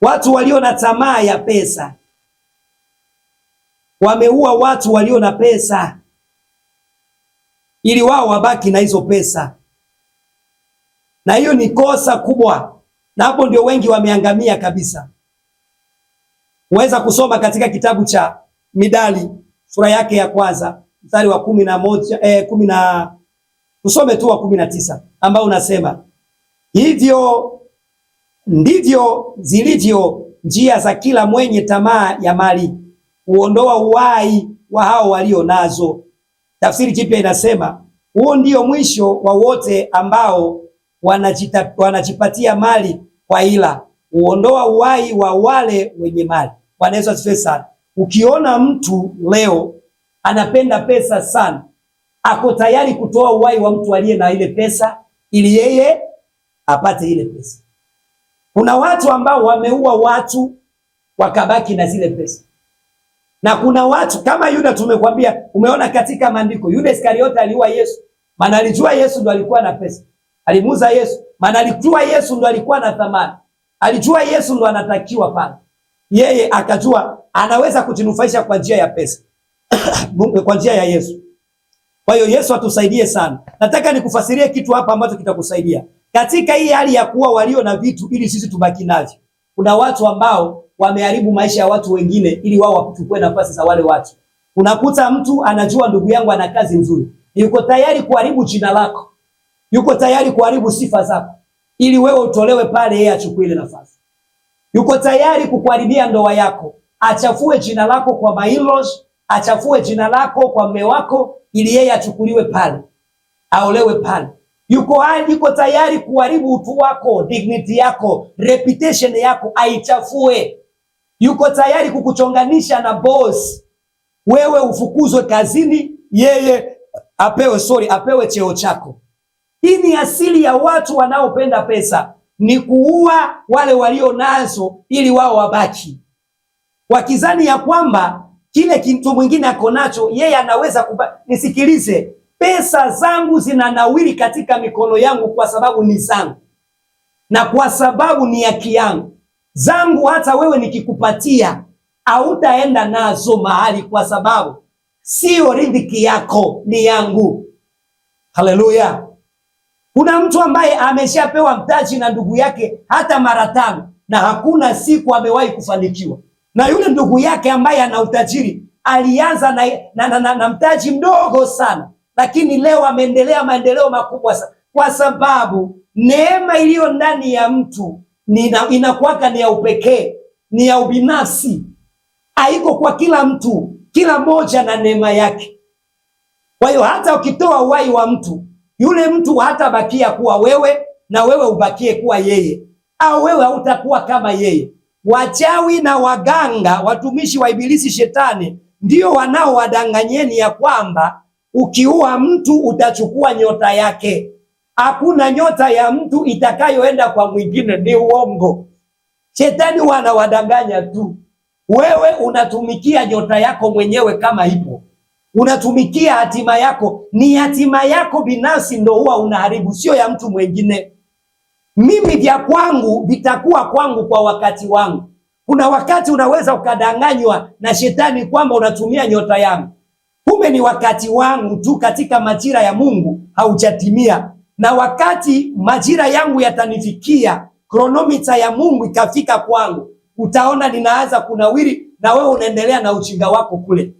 Watu walio na tamaa ya pesa wameua watu walio na pesa ili wao wabaki na hizo pesa, na hiyo ni kosa kubwa, na hapo ndio wengi wameangamia kabisa. Uweza kusoma katika kitabu cha Midali sura yake ya kwanza mstari wa kumi na moja eh, kumi na tusome tu wa kumi na tisa ambao unasema hivyo Ndivyo zilivyo njia za kila mwenye tamaa ya mali, huondoa uhai wa hao walio nazo. Tafsiri Jipya inasema huo ndio mwisho wa wote ambao wanajita, wanajipatia mali kwa ila, huondoa uhai wa wale wenye mali. Bwana Yesu asifiwe sana. Ukiona mtu leo anapenda pesa sana, ako tayari kutoa uhai wa mtu aliye na ile pesa ili yeye apate ile pesa. Kuna watu ambao wameua watu wakabaki na zile pesa, na kuna watu kama Yuda tumekwambia, umeona katika maandiko Yuda Iskariota aliua Yesu, maana alijua Yesu ndo alikuwa na pesa, alimuuza Yesu, maana alijua Yesu ndo alikuwa na thamani, alijua Yesu ndo anatakiwa pale. Yeye akajua anaweza kujinufaisha kwa njia ya pesa kwa njia ya Yesu. Kwa hiyo Yesu atusaidie sana. Nataka nikufasirie kitu hapa ambacho kitakusaidia katika hii hali ya kuwa walio na vitu ili sisi tubaki navyo. Kuna watu ambao wameharibu maisha ya watu wengine ili wao wachukue nafasi za wale watu. Unakuta mtu anajua ndugu yangu ana kazi nzuri, yuko tayari kuharibu jina lako, yuko tayari kuharibu sifa zako ili wewe utolewe pale, yeye achukue ile nafasi. Yuko tayari kukuharibia ndoa yako, achafue jina lako kwa mailos, achafue jina lako kwa mme wako, ili yeye achukuliwe pale, aolewe pale yuko yuko tayari kuharibu utu wako, dignity yako, reputation yako aichafue. Yuko tayari kukuchonganisha na boss, wewe ufukuzwe kazini, yeye apewe sorry, apewe cheo chako. Hii ni asili ya watu wanaopenda pesa, ni kuua wale walio nazo ili wao wabaki, wakizani ya kwamba kile kitu mwingine ako nacho yeye anaweza kubaki. Nisikilize, pesa zangu zinanawiri katika mikono yangu, kwa sababu ni zangu na kwa sababu ni haki yangu zangu. Hata wewe nikikupatia, hautaenda nazo mahali, kwa sababu sio riziki yako, ni yangu. Haleluya! Kuna mtu ambaye ameshapewa mtaji na ndugu yake hata mara tano na hakuna siku amewahi kufanikiwa, na yule ndugu yake ambaye ana utajiri alianza na, na, na, na, na mtaji mdogo sana lakini leo ameendelea maendeleo makubwa sana, kwa sababu neema iliyo ndani ya mtu inakuwaka ni ya upekee, ni ya ubinafsi, haiko kwa kila mtu. Kila mmoja na neema yake. Kwa hiyo hata ukitoa uhai wa mtu, yule mtu hatabakia kuwa wewe na wewe ubakie kuwa yeye, au wewe hautakuwa kama yeye. Wachawi na waganga, watumishi wa Ibilisi, Shetani, ndio wanaowadanganyeni ya kwamba Ukiua mtu utachukua nyota yake. Hakuna nyota ya mtu itakayoenda kwa mwingine, ni uongo. Shetani wanawadanganya tu. Wewe unatumikia nyota yako mwenyewe, kama ipo unatumikia hatima yako. Ni hatima yako binafsi ndo huwa unaharibu, sio ya mtu mwingine. Mimi vya kwangu vitakuwa kwangu kwa wakati wangu. Kuna wakati unaweza ukadanganywa na shetani kwamba unatumia nyota yangu Kumbe ni wakati wangu tu katika majira ya Mungu haujatimia, na wakati majira yangu yatanifikia, kronomita ya Mungu ikafika kwangu, utaona ninaanza kunawiri na wewe unaendelea na ujinga wako kule.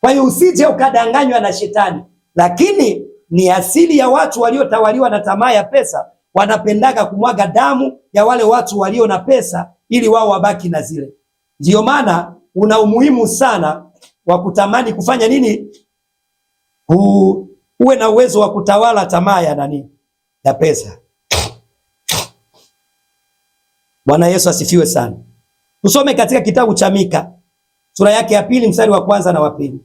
Kwa hiyo usije ukadanganywa na shetani, lakini ni asili ya watu waliotawaliwa na tamaa ya pesa, wanapendaga kumwaga damu ya wale watu walio na pesa ili wao wabaki na zile. Ndiyo maana una umuhimu sana wa kutamani kufanya nini, uwe na uwezo wa kutawala tamaa ya nani, ya pesa. Bwana Yesu asifiwe sana. Tusome katika kitabu cha Mika sura yake ya pili mstari wa kwanza na wa pili.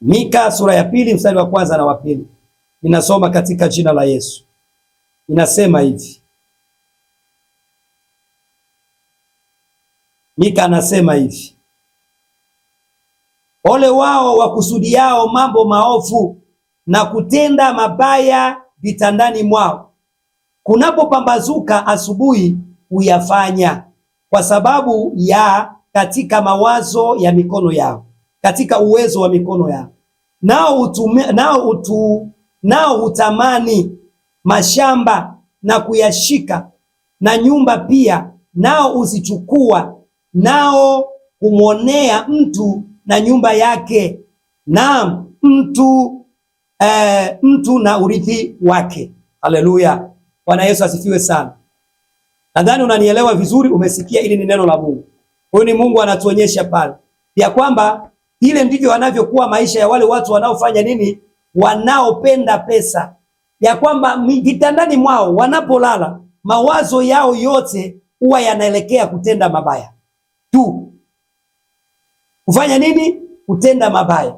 Mika sura ya pili mstari wa kwanza na wa pili, ninasoma katika jina la Yesu. Inasema hivi, Mika anasema hivi Ole wao wakusudiao mambo maovu na kutenda mabaya vitandani mwao, kunapopambazuka asubuhi huyafanya, kwa sababu ya katika mawazo ya mikono yao, katika uwezo wa mikono yao. Nao utume, nao utu, nao hutamani mashamba na kuyashika na nyumba pia, nao huzichukua, nao humwonea mtu na nyumba yake na mtu eh, mtu na urithi wake. Haleluya, Bwana Yesu asifiwe sana. Nadhani unanielewa vizuri, umesikia. Ili ni neno la Mungu. Huyu ni Mungu anatuonyesha pale ya kwamba ile ndivyo wanavyokuwa maisha ya wale watu wanaofanya nini, wanaopenda pesa, ya kwamba vitandani mwao wanapolala mawazo yao yote huwa yanaelekea kutenda mabaya tu kufanya nini? Kutenda mabaya.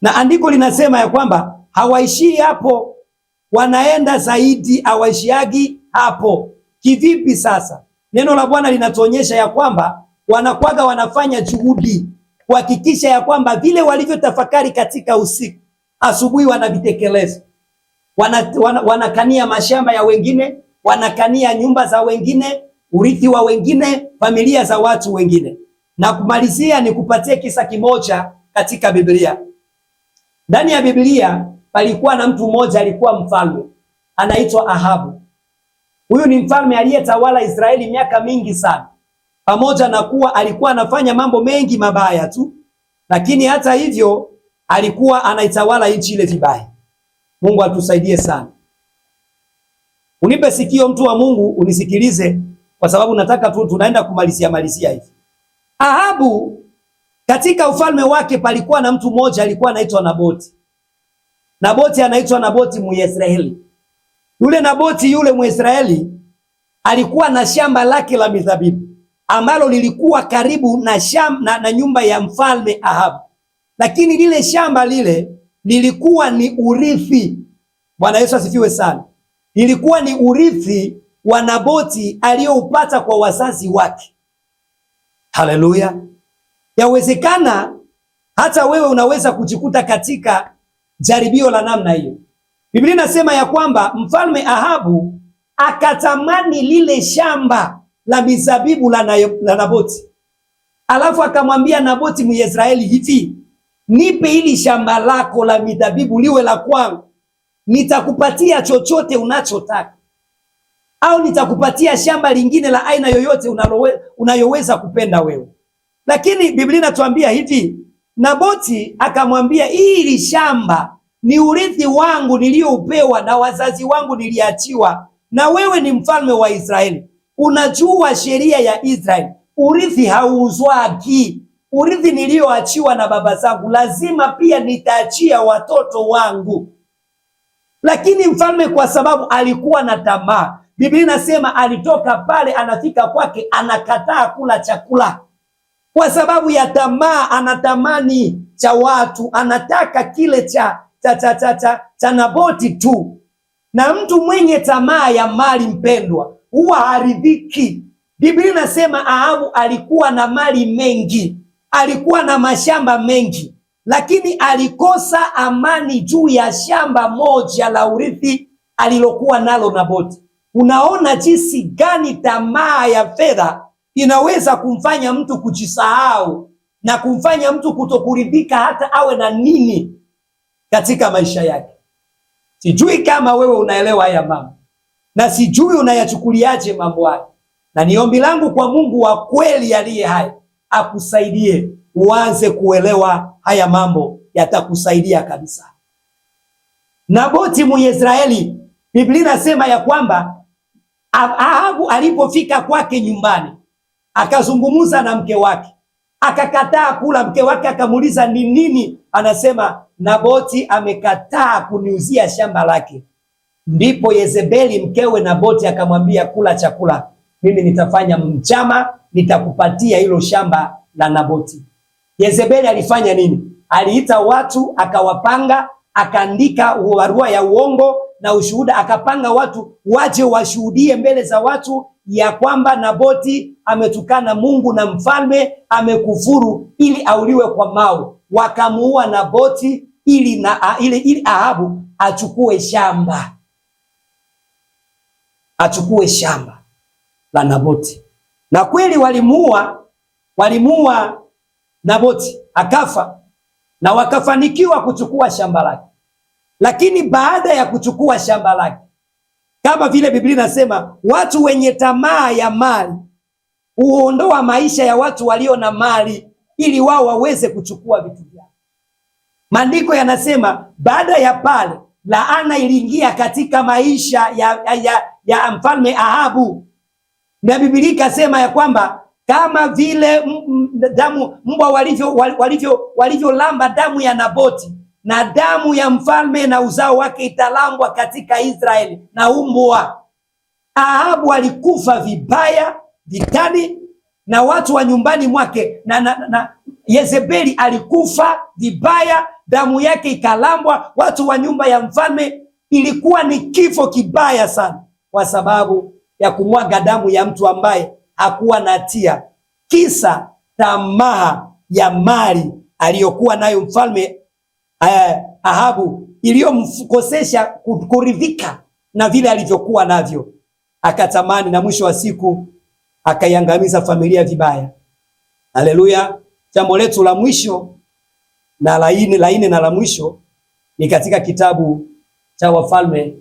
Na andiko linasema ya kwamba hawaishii hapo, wanaenda zaidi, hawaishiagi hapo. Kivipi sasa? Neno la Bwana linatuonyesha ya kwamba wanakwaga wanafanya juhudi kuhakikisha ya kwamba vile walivyotafakari katika usiku, asubuhi wanavitekeleza. Wana, wana, wanakania mashamba ya wengine, wanakania nyumba za wengine, urithi wa wengine, familia za watu wengine. Na kumalizia ni kupatie kisa kimoja katika Biblia. Ndani ya Biblia palikuwa na mtu mmoja alikuwa mfalme anaitwa Ahabu. Huyu ni mfalme aliyetawala Israeli miaka mingi sana, pamoja na kuwa alikuwa anafanya mambo mengi mabaya tu, lakini hata hivyo alikuwa anaitawala nchi ile vibaya. Mungu atusaidie sana. Unipe sikio mtu wa Mungu unisikilize, kwa sababu nataka tu tunaenda kumalizia malizia hivi. Ahabu katika ufalme wake palikuwa na mtu mmoja alikuwa anaitwa Naboti. Naboti anaitwa Naboti Mwisraeli. Yule Naboti yule Mwisraeli alikuwa na shamba lake la mizabibu ambalo lilikuwa karibu na, sham, na, na nyumba ya mfalme Ahabu, lakini lile shamba lile lilikuwa ni urithi. Bwana Yesu asifiwe sana. Lilikuwa ni urithi wa Naboti aliyoupata kwa wazazi wake Haleluya! Yawezekana hata wewe unaweza kujikuta katika jaribio la namna hiyo. Biblia inasema ya kwamba mfalme Ahabu akatamani lile shamba la mizabibu la, la Naboti, alafu akamwambia Naboti Myezraeli hivi, nipe hili shamba lako la mizabibu liwe la kwangu, nitakupatia chochote unachotaka au nitakupatia shamba lingine la aina yoyote unalowe, unayoweza kupenda wewe. Lakini Biblia inatuambia hivi, Naboti akamwambia hili shamba ni urithi wangu niliyoupewa na wazazi wangu niliachiwa, na wewe ni mfalme wa Israeli, unajua sheria ya Israeli. Urithi hauuzwaki. Urithi niliyoachiwa na baba zangu lazima pia nitaachia watoto wangu. Lakini mfalme kwa sababu alikuwa na tamaa Biblia inasema alitoka pale, anafika kwake, anakataa kula chakula kwa sababu ya tamaa. Anatamani cha watu, anataka kile cha cha cha cha, cha, cha Naboti tu. Na mtu mwenye tamaa ya mali, mpendwa, huwa haridhiki. Biblia inasema Ahabu alikuwa na mali mengi, alikuwa na mashamba mengi, lakini alikosa amani juu ya shamba moja la urithi alilokuwa nalo Naboti. Unaona jinsi gani tamaa ya fedha inaweza kumfanya mtu kujisahau na kumfanya mtu kutokuridhika hata awe na nini katika maisha yake. Sijui kama wewe unaelewa haya mambo, na sijui unayachukuliaje mambo haya, na ni ombi langu kwa Mungu wa kweli aliye hai akusaidie uanze kuelewa haya mambo, yatakusaidia kabisa. Naboti Mwisraeli, Biblia inasema ya kwamba Ahabu alipofika kwake nyumbani akazungumza na mke wake, akakataa kula. Mke wake akamuuliza ni nini, anasema Naboti amekataa kuniuzia shamba lake. Ndipo Yezebeli mkewe Naboti akamwambia, kula chakula, mimi nitafanya mchama, nitakupatia hilo shamba la Naboti. Yezebeli alifanya nini? Aliita watu akawapanga akaandika barua ya uongo na ushuhuda, akapanga watu waje washuhudie mbele za watu ya kwamba Naboti ametukana Mungu na mfalme, amekufuru ili auliwe kwa mawe. Wakamuua Naboti ili, na, ili, ili Ahabu achukue shamba achukue shamba la Naboti, na kweli walimuua, walimuua Naboti akafa, na wakafanikiwa kuchukua shamba lake. Lakini baada ya kuchukua shamba lake, kama vile Biblia inasema, watu wenye tamaa ya mali huondoa maisha ya watu walio na mali ili wao waweze kuchukua vitu vyao. Maandiko yanasema baada ya pale laana iliingia katika maisha ya, ya, ya, ya mfalme Ahabu, na Biblia ikasema ya kwamba kama vile damu mbwa walivyolamba walivyo, walivyo damu ya Naboti na damu ya mfalme na uzao wake italambwa katika Israeli na umbwa. Ahabu alikufa vibaya vitani na watu wa nyumbani mwake na, na, na Yezebeli alikufa vibaya, damu yake ikalambwa watu wa nyumba ya mfalme. Ilikuwa ni kifo kibaya sana, kwa sababu ya kumwaga damu ya mtu ambaye hakuwa na hatia, kisa tamaa ya mali aliyokuwa nayo mfalme eh, Ahabu iliyomkosesha kuridhika na vile alivyokuwa navyo, akatamani na mwisho wa siku akaiangamiza familia vibaya. Haleluya! Jambo letu la mwisho na laini laini na la mwisho ni katika kitabu cha Wafalme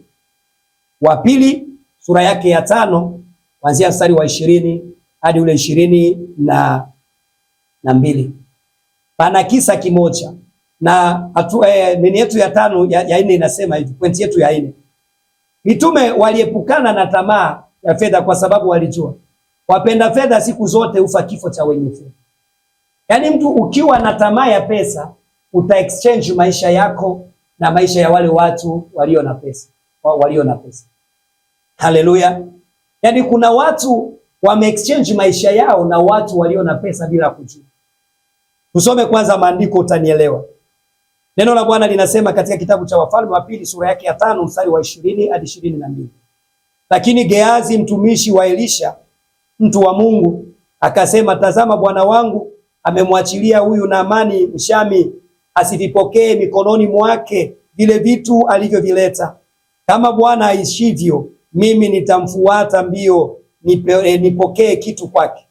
wa pili sura yake ya tano kuanzia mstari wa ishirini hadi ule ishirini na, na mbili. Pana kisa kimoja na atu, eh, nini yetu ya tano ya, ya nne inasema hivi, pointi yetu ya nne, mitume waliepukana na tamaa ya fedha kwa sababu walijua wapenda fedha siku zote ufa kifo cha wenye fedha. Yaani mtu ukiwa na tamaa ya pesa uta exchange maisha yako na maisha ya wale watu walio na pesa, walio na pesa. Haleluya! Yaani kuna watu wameexchange maisha yao na watu walio na pesa bila kujua. Tusome kwanza maandiko utanielewa. Neno la Bwana linasema katika kitabu cha Wafalme wa pili sura yake ya tano mstari wa ishirini hadi ishirini na mbili. Lakini Geazi mtumishi wa Elisha mtu wa Mungu akasema, tazama, bwana wangu amemwachilia huyu Naamani Mshami asivipokee mikononi mwake vile vitu alivyovileta. Kama Bwana aishivyo, mimi nitamfuata mbio nipe, e, nipokee kitu kwake.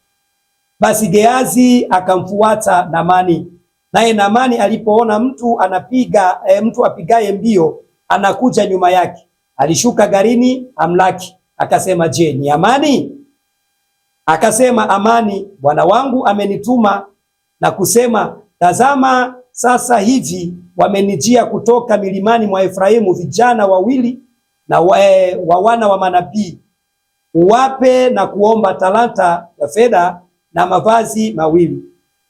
Basi Geazi akamfuata Namani, naye Namani alipoona mtu anapiga e, mtu apigaye mbio anakuja nyuma yake, alishuka garini amlaki, akasema je, ni Amani? Akasema, Amani bwana wangu amenituma na kusema, tazama sasa hivi wamenijia kutoka milimani mwa Efraimu vijana wawili na e, wa wana wa manabii uwape na kuomba talanta ya fedha na mavazi mawili.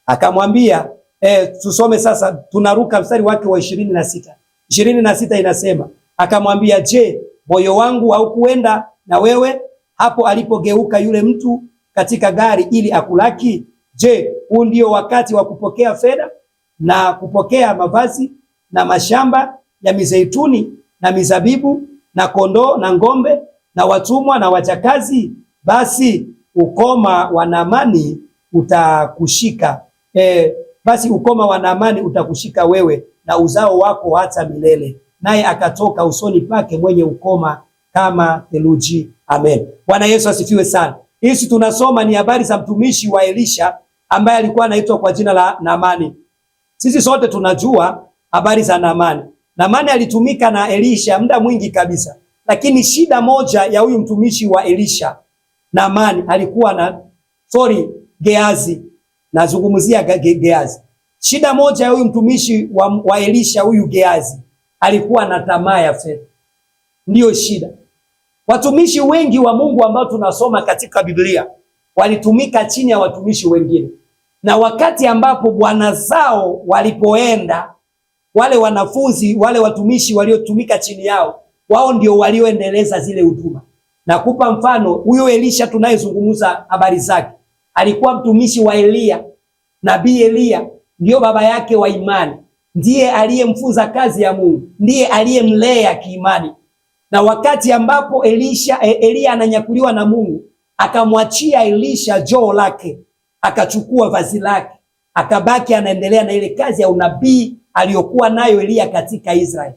Akamwambia e, tusome sasa, tunaruka mstari wake wa ishirini na sita ishirini na sita inasema akamwambia, je, moyo wangu haukuenda na wewe hapo alipogeuka yule mtu katika gari ili akulaki? Je, huu ndio wakati wa kupokea fedha na kupokea mavazi na mashamba ya mizeituni na mizabibu na kondoo na ng'ombe na watumwa na wachakazi, basi ukoma wa Naamani utakushika e, basi ukoma wa Naamani utakushika wewe na uzao wako hata milele, naye akatoka usoni pake mwenye ukoma kama theluji. Amen. Bwana Yesu asifiwe sana. hisi tunasoma ni habari za mtumishi wa Elisha ambaye alikuwa anaitwa kwa jina la Naamani. Sisi sote tunajua habari za Naamani na maana alitumika na Elisha muda mwingi kabisa, lakini shida moja ya huyu mtumishi wa Elisha Naamani alikuwa na sorry, Geazi, nazungumzia ge, Geazi. Shida moja ya huyu mtumishi wa, wa Elisha huyu Geazi alikuwa na tamaa ya fedha, ndiyo shida. Watumishi wengi wa Mungu ambao tunasoma katika Biblia walitumika chini ya watumishi wengine, na wakati ambapo bwana zao walipoenda wale wanafunzi wale watumishi waliotumika chini yao, wao ndio walioendeleza zile huduma. Nakupa mfano, huyo Elisha tunayezungumza habari zake alikuwa mtumishi wa Eliya, nabii Eliya ndiyo baba yake wa imani, ndiye aliyemfunza kazi ya Mungu, ndiye aliyemlea kiimani. Na wakati ambapo Elisha, e, Eliya ananyakuliwa na Mungu, akamwachia Elisha joo lake, akachukua vazi lake, akabaki anaendelea na ile kazi ya unabii aliyokuwa nayo Eliya katika Israeli.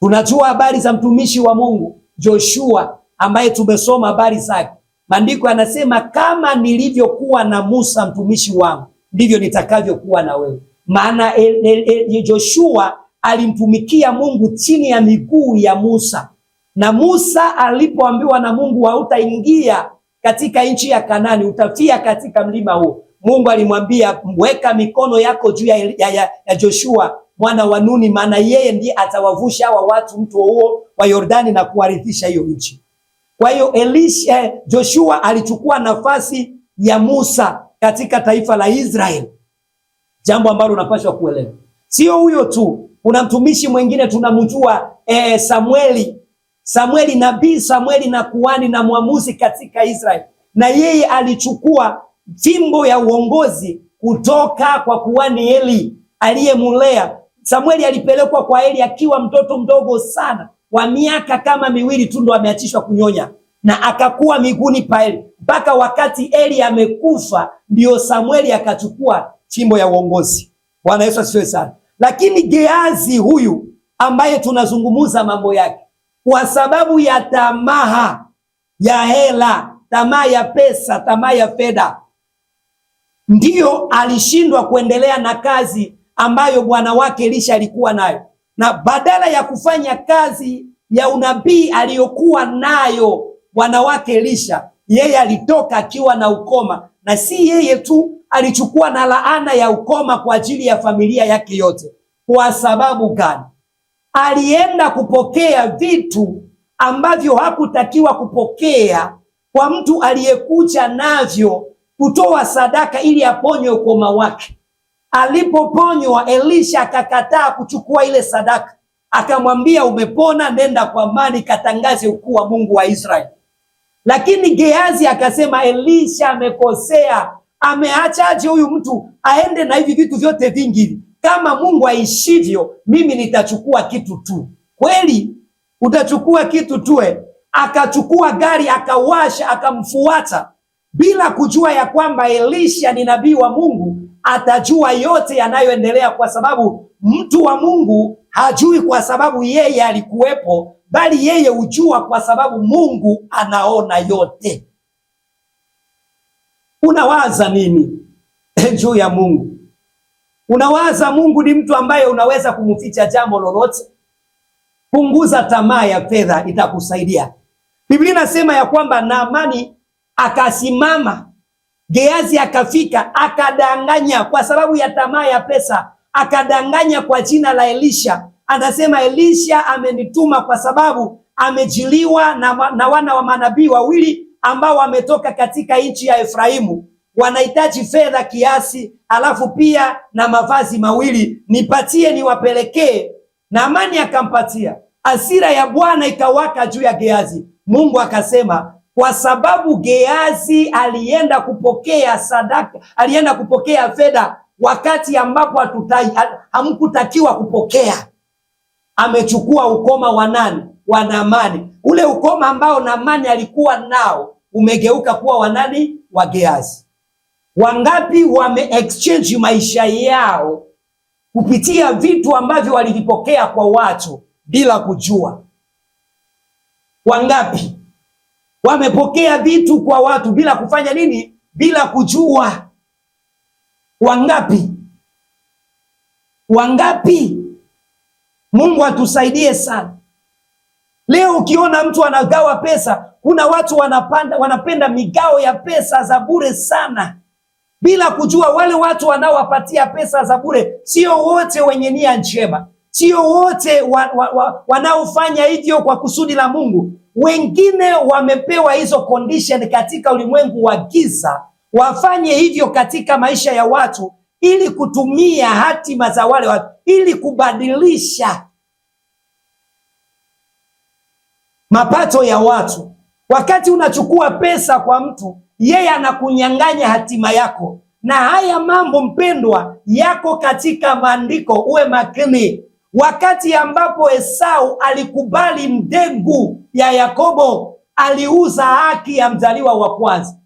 Tunajua habari za mtumishi wa Mungu Joshua ambaye tumesoma habari zake. Maandiko yanasema kama nilivyokuwa na Musa mtumishi wangu ndivyo nitakavyokuwa na wewe. Maana el, el, el, e, Joshua alimtumikia Mungu chini ya miguu ya Musa, na Musa alipoambiwa na Mungu hautaingia katika nchi ya Kanani, utafia katika mlima huo, Mungu alimwambia weka mikono yako juu ya, ya, ya, ya Joshua mwana wa Nuni, maana yeye ndiye atawavusha hawa watu mto huo wa Yordani na kuwarithisha hiyo nchi. Kwa hiyo Elisha, eh, Joshua alichukua nafasi ya Musa katika taifa la Israeli, jambo ambalo unapaswa kuelewa. Sio huyo tu, kuna mtumishi mwingine tunamjua, eh, Samueli Samueli nabii Samueli na kuhani na mwamuzi katika Israeli, na yeye alichukua fimbo ya uongozi kutoka kwa kuhani Eli aliyemulea Samueli. Alipelekwa kwa Eli akiwa mtoto mdogo sana wa miaka kama miwili tu ndo ameachishwa kunyonya na akakuwa miguuni pa Eli mpaka wakati Eli amekufa, ndio Samueli akachukua fimbo ya uongozi. Bwana Yesu asifiwe sana. Lakini Geazi huyu ambaye tunazungumuza mambo yake, kwa sababu ya tamaa ya hela, tamaa ya pesa, tamaa ya fedha, ndiyo alishindwa kuendelea na kazi ambayo bwana wake Elisha alikuwa nayo, na badala ya kufanya kazi ya unabii aliyokuwa nayo bwana wake Elisha, yeye alitoka akiwa na ukoma, na si yeye tu, alichukua na laana ya ukoma kwa ajili ya familia yake yote. Kwa sababu gani? Alienda kupokea vitu ambavyo hakutakiwa kupokea kwa mtu aliyekuja navyo kutoa sadaka ili aponywe ukoma wake. Alipoponywa, Elisha akakataa kuchukua ile sadaka, akamwambia umepona, nenda kwa amani, katangaze ukuu wa Mungu wa Israeli. Lakini geazi akasema, Elisha amekosea, ameacha aje huyu mtu aende na hivi vitu vyote vingi? Kama Mungu aishivyo, mimi nitachukua kitu tu. Kweli utachukua kitu tu? Eh? Akachukua gari akawasha, akamfuata bila kujua ya kwamba Elisha ni nabii wa Mungu, atajua yote yanayoendelea, kwa sababu mtu wa Mungu hajui kwa sababu yeye alikuwepo, bali yeye hujua kwa sababu Mungu anaona yote. Unawaza nini juu ya Mungu? Unawaza Mungu ni mtu ambaye unaweza kumficha jambo lolote? Punguza tamaa ya fedha, itakusaidia. Biblia inasema ya kwamba Naamani akasimama Geazi akafika akadanganya kwa sababu ya tamaa ya pesa, akadanganya kwa jina la Elisha. Anasema Elisha amenituma kwa sababu amejiliwa na, na wana wa manabii wawili ambao wametoka katika nchi ya Efraimu, wanahitaji fedha kiasi, alafu pia na mavazi mawili, nipatie niwapelekee. Naamani akampatia. asira ya Bwana ikawaka juu ya Geazi. Mungu akasema kwa sababu Geazi alienda kupokea sadaka, alienda kupokea fedha wakati ambapo hamkutakiwa kupokea. Amechukua ukoma wa nani? Wa namani Ule ukoma ambao namani alikuwa nao umegeuka kuwa wa nani? Wa Geazi. Wangapi wame exchange maisha yao kupitia vitu ambavyo walivipokea kwa watu bila kujua? Wangapi? wamepokea vitu kwa watu bila kufanya nini? Bila kujua. Wangapi? Wangapi? Mungu atusaidie sana. Leo ukiona mtu anagawa pesa, kuna watu wanapanda, wanapenda migao ya pesa za bure sana, bila kujua wale watu wanaowapatia pesa za bure sio wote wenye nia njema, sio wote wa, wa, wa, wanaofanya hivyo kwa kusudi la Mungu. Wengine wamepewa hizo condition katika ulimwengu wa giza, wafanye hivyo katika maisha ya watu ili kutumia hatima za wale watu ili kubadilisha mapato ya watu. Wakati unachukua pesa kwa mtu, yeye anakunyang'anya hatima yako. Na haya mambo mpendwa, yako katika maandiko, uwe makini. Wakati ambapo Esau alikubali mbegu ya Yakobo, aliuza haki ya mzaliwa wa kwanza.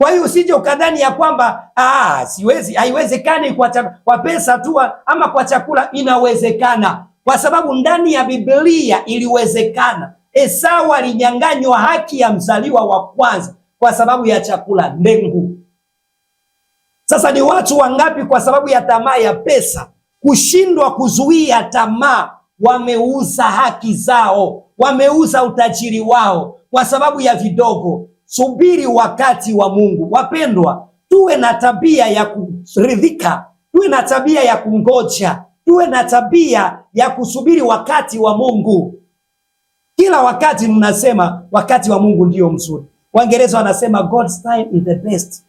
Kwa hiyo usije ukadhani ya kwamba ah, siwezi, haiwezekani kwa, kwa pesa tu ama kwa chakula. Inawezekana kwa sababu ndani ya Biblia iliwezekana. Esau alinyang'anywa haki ya mzaliwa wa kwanza kwa sababu ya chakula, mbegu. Sasa ni watu wangapi kwa sababu ya tamaa ya pesa kushindwa kuzuia tamaa, wameuza haki zao, wameuza utajiri wao kwa sababu ya vidogo. Subiri wakati wa Mungu. Wapendwa, tuwe na tabia ya kuridhika, tuwe na tabia ya kungoja, tuwe na tabia ya kusubiri wakati wa Mungu. Kila wakati mnasema wakati wa Mungu ndiyo mzuri. Waingereza wanasema God's time is the best.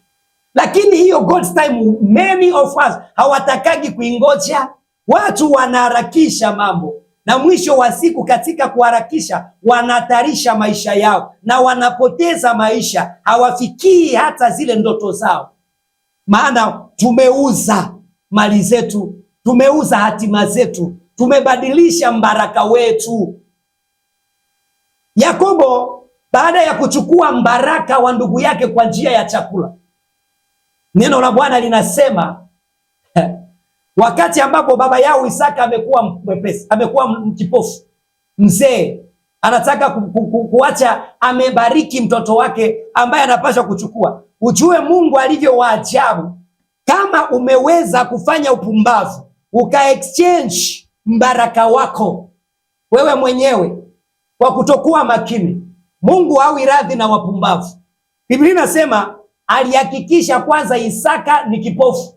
Lakini hiyo God's time many of us hawatakagi kuingoja. Watu wanaharakisha mambo na mwisho wa siku, katika kuharakisha wanatarisha maisha yao na wanapoteza maisha, hawafikii hata zile ndoto zao. Maana tumeuza mali zetu, tumeuza hatima zetu, tumebadilisha mbaraka wetu. Yakobo baada ya kuchukua mbaraka wa ndugu yake kwa njia ya chakula Neno la Bwana linasema wakati ambapo baba yao Isaka amekuwa mwepesi, amekuwa mkipofu, mzee, anataka ku, ku, ku, kuacha, amebariki mtoto wake ambaye anapaswa kuchukua. Ujue Mungu alivyo waajabu, kama umeweza kufanya upumbavu uka exchange mbaraka wako wewe mwenyewe kwa kutokuwa makini, Mungu hawi radhi na wapumbavu. Biblia inasema alihakikisha kwanza Isaka ni kipofu,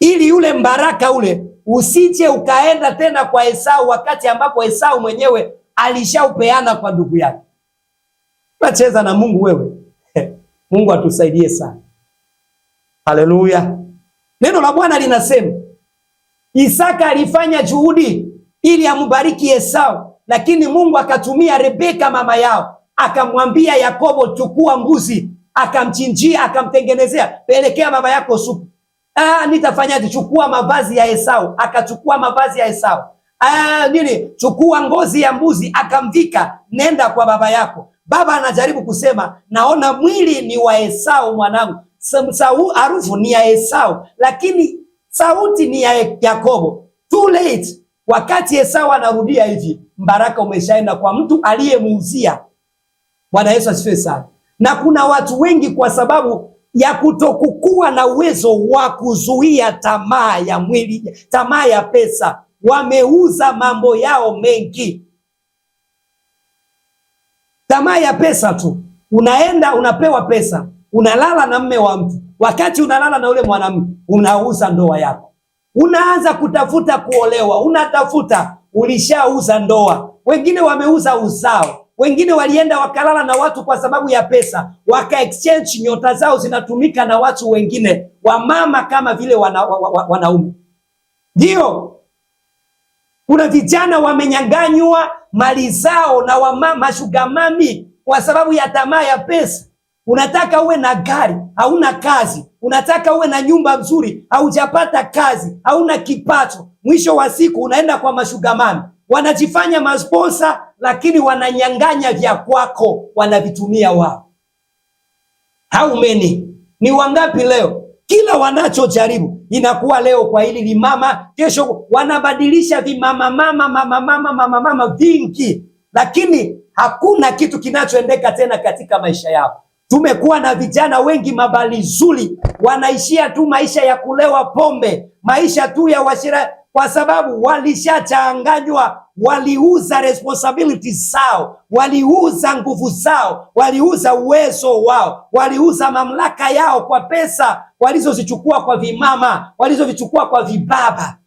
ili yule mbaraka ule usije ukaenda tena kwa Esau, wakati ambapo Esau mwenyewe alishaupeana kwa ndugu yake. nacheza na Mungu wewe. Mungu atusaidie sana, haleluya. Neno la Bwana linasema Isaka alifanya juhudi ili amubariki Esau, lakini Mungu akatumia Rebeka mama yao, akamwambia Yakobo, chukua mbuzi akamchinjia, akamtengenezea, pelekea baba yako supu. Ah, nitafanyaje? Chukua mavazi ya Esau, akachukua mavazi ya Esau. Ah, nini? Chukua ngozi ya mbuzi akamvika, nenda kwa baba yako. Baba anajaribu kusema, naona mwili ni wa Esau mwanangu, harufu ni ya Esau, lakini sauti ni ya Yakobo. Too late. Wakati Esau anarudia hivi, mbaraka umeshaenda kwa mtu aliyemuuzia. Bwana Yesu asifiwe sana na kuna watu wengi kwa sababu ya kutokukuwa na uwezo wa kuzuia tamaa ya mwili, tamaa ya pesa, wameuza mambo yao mengi. Tamaa ya pesa tu, unaenda unapewa pesa, unalala na mme wa mtu, wakati unalala na ule mwanamke unauza ndoa yako, unaanza kutafuta kuolewa, unatafuta, ulishauza ndoa. Wengine wameuza uzao wengine walienda wakalala na watu kwa sababu ya pesa, waka exchange nyota zao zinatumika na watu wengine, wamama kama vile wana, wanaume. Ndio kuna vijana wamenyanganywa mali zao na wamama, mashugamami kwa sababu ya tamaa ya pesa. Unataka uwe na gari, hauna kazi. Unataka uwe na nyumba nzuri, haujapata kazi, hauna kipato. Mwisho wa siku unaenda kwa mashugamami wanajifanya masponsa, lakini wananyang'anya vya kwako, wanavitumia wao. How many? Ni wangapi leo? Kila wanachojaribu inakuwa leo kwa hili limama, kesho wanabadilisha vimama mama mama mama mama mama vingi, lakini hakuna kitu kinachoendeka tena katika maisha yao. Tumekuwa na vijana wengi mabali zuli wanaishia tu maisha ya kulewa pombe, maisha tu ya washira kwa sababu walishachanganywa, waliuza responsibility zao, waliuza nguvu zao, waliuza uwezo wao, waliuza mamlaka yao kwa pesa walizozichukua kwa vimama, walizovichukua kwa vibaba.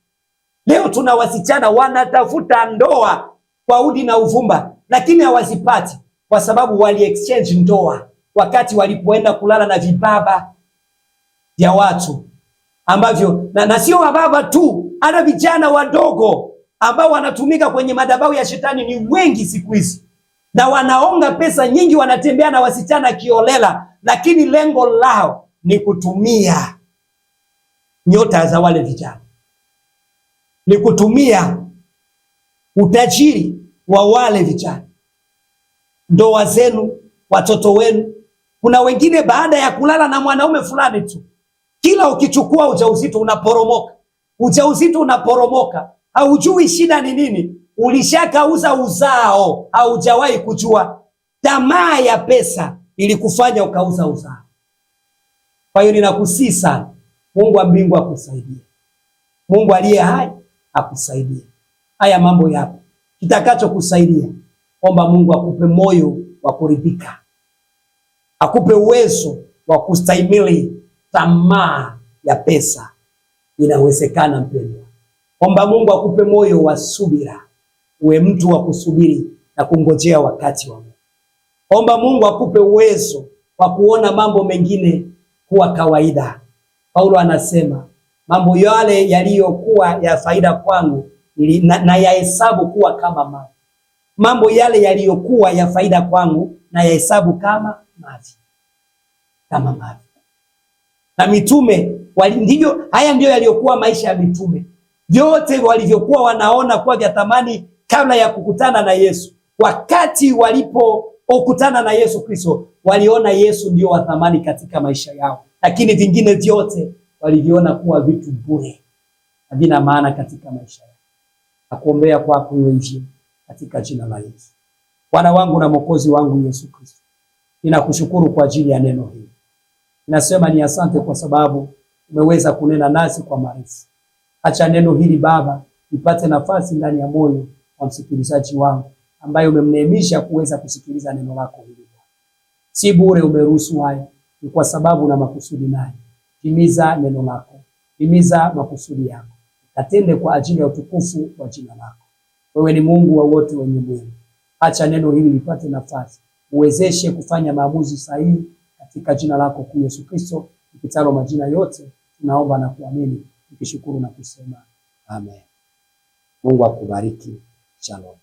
Leo tuna wasichana wanatafuta ndoa kwa udi na uvumba, lakini hawazipati kwa sababu wali exchange ndoa wakati walipoenda kulala na vibaba vya watu ambavyo na, na sio wababa tu, hata vijana wadogo ambao wanatumika kwenye madhabahu ya shetani ni wengi siku hizi, na wanaonga pesa nyingi, wanatembea na wasichana kiolela, lakini lengo lao ni kutumia nyota za wale vijana, ni kutumia utajiri wa wale vijana, ndoa zenu, watoto wenu. Kuna wengine baada ya kulala na mwanaume fulani tu kila ukichukua ujauzito unaporomoka, ujauzito unaporomoka, haujui shida ni nini. Ulishakauza uzao, haujawahi kujua. Tamaa ya pesa ilikufanya ukauza uzao. Kwa hiyo ninakusii sana, Mungu wa mbingu akusaidie, Mungu aliye hai akusaidie. Haya mambo yapo, kitakachokusaidia omba Mungu akupe moyo wa kuridhika, akupe uwezo wa kustahimili tamaa ya pesa. Inawezekana mpendwa, omba Mungu akupe moyo wa subira, uwe mtu wa kusubiri na kungojea wakati wa Mungu. Omba Mungu akupe uwezo wa kuona mambo mengine kuwa kawaida. Paulo anasema mambo yale yaliyokuwa ya faida kwangu na, na yahesabu kuwa kama mavi. Mambo yale yaliyokuwa ya faida kwangu na yahesabu kama mavi, kama mavi na mitume ndivyo. Haya ndiyo yaliyokuwa maisha ya mitume, vyote walivyokuwa wanaona kuwa vya thamani kabla ya kukutana na Yesu. Wakati walipokutana na Yesu Kristo, waliona Yesu ndio wa thamani katika maisha yao, lakini vingine vyote waliviona kuwa vitu bure, havina maana katika maisha yao. Nakuombea kwako iwe hivyo katika jina la Yesu. Bwana wangu na mwokozi wangu Yesu Kristo, ninakushukuru kwa ajili ya neno hili. Nasema ni asante kwa sababu umeweza kunena nasi kwa maarifa. Acha neno hili Baba ipate nafasi ndani ya moyo wa msikilizaji wangu ambaye umemneemisha kuweza kusikiliza neno lako hili. Si bure umeruhusu haya, ni kwa sababu na makusudi naye. Timiza neno lako, timiza makusudi yako, katende kwa ajili ya utukufu wa jina lako. Wewe ni Mungu wa wote wenye mwili. Acha neno hili lipate nafasi, uwezeshe kufanya maamuzi sahihi katika jina lako kuu Yesu Kristo, ukitalo majina yote tunaomba na kuamini, ukishukuru na kusema amen. Mungu akubariki. Shalom.